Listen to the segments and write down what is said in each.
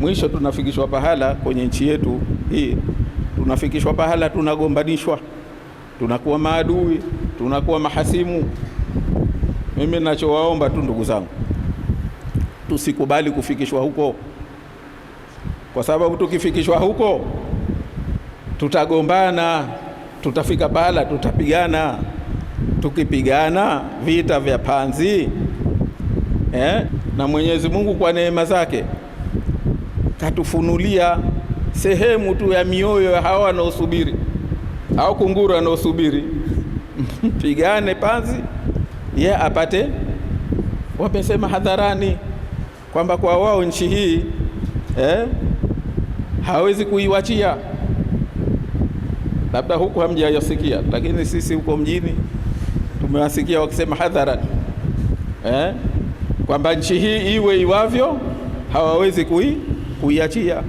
mwisho tunafikishwa pahala kwenye nchi yetu hii, tunafikishwa pahala tunagombanishwa, tunakuwa maadui, tunakuwa mahasimu. Mimi ninachowaomba tu ndugu zangu, tusikubali kufikishwa huko, kwa sababu tukifikishwa huko tutagombana, tutafika pahala tutapigana. Tukipigana vita vya panzi eh, na Mwenyezi Mungu kwa neema zake katufunulia sehemu tu ya mioyo ya hawa wanaosubiri au kunguru wanaosubiri mpigane panzi ye apate. Wamesema hadharani kwamba kwa wao nchi hii eh, hawezi kuiwachia. Labda huku hamjayasikia, lakini sisi huko mjini tumewasikia wakisema hadharani eh, kwamba nchi hii iwe iwavyo hawawezi kui kuiachia.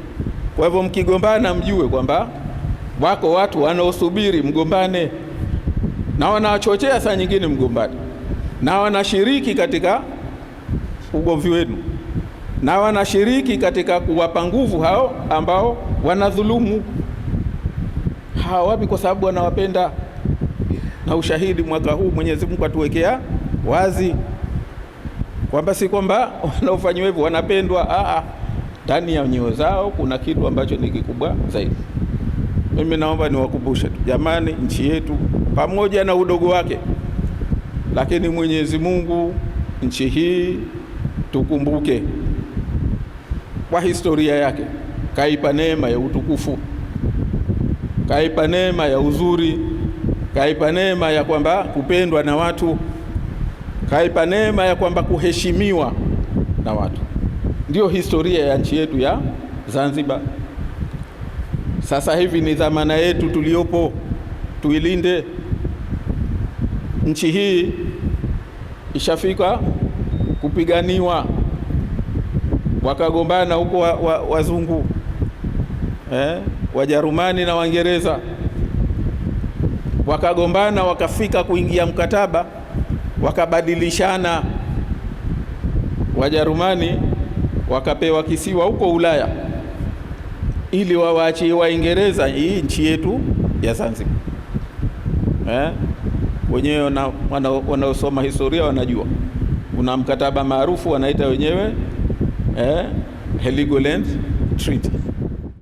Kwa hivyo mkigombana, mjue kwamba wako watu wanaosubiri mgombane, na wanawachochea saa nyingine mgombane, na wanashiriki katika ugomvi wenu, na wanashiriki katika kuwapa nguvu hao ambao wanadhulumu hawawapi, kwa sababu wanawapenda. Na ushahidi mwaka huu Mwenyezi Mungu atuwekea wazi kwamba si kwamba wanaofanyiwa hivyo wanapendwa, aa ndani ya nyoyo zao kuna kitu ambacho ni kikubwa zaidi. Mimi naomba niwakumbushe tu jamani, nchi yetu pamoja na udogo wake, lakini Mwenyezi Mungu nchi hii tukumbuke kwa historia yake, kaipa neema ya utukufu, kaipa neema ya uzuri, kaipa neema ya kwamba kupendwa na watu, kaipa neema ya kwamba kuheshimiwa na watu. Ndiyo historia ya nchi yetu ya Zanzibar. Sasa hivi ni dhamana yetu tuliopo, tuilinde nchi hii. Ishafika kupiganiwa, wakagombana huko wazungu wa, wa eh, Wajerumani na Waingereza wakagombana, wakafika kuingia mkataba, wakabadilishana Wajerumani wakapewa kisiwa huko Ulaya ili wawaachie Waingereza hii nchi yetu ya Zanzibar eh? Wenyewe wanaosoma historia wanajua kuna mkataba maarufu wanaita wenyewe eh, Heligoland Treaty.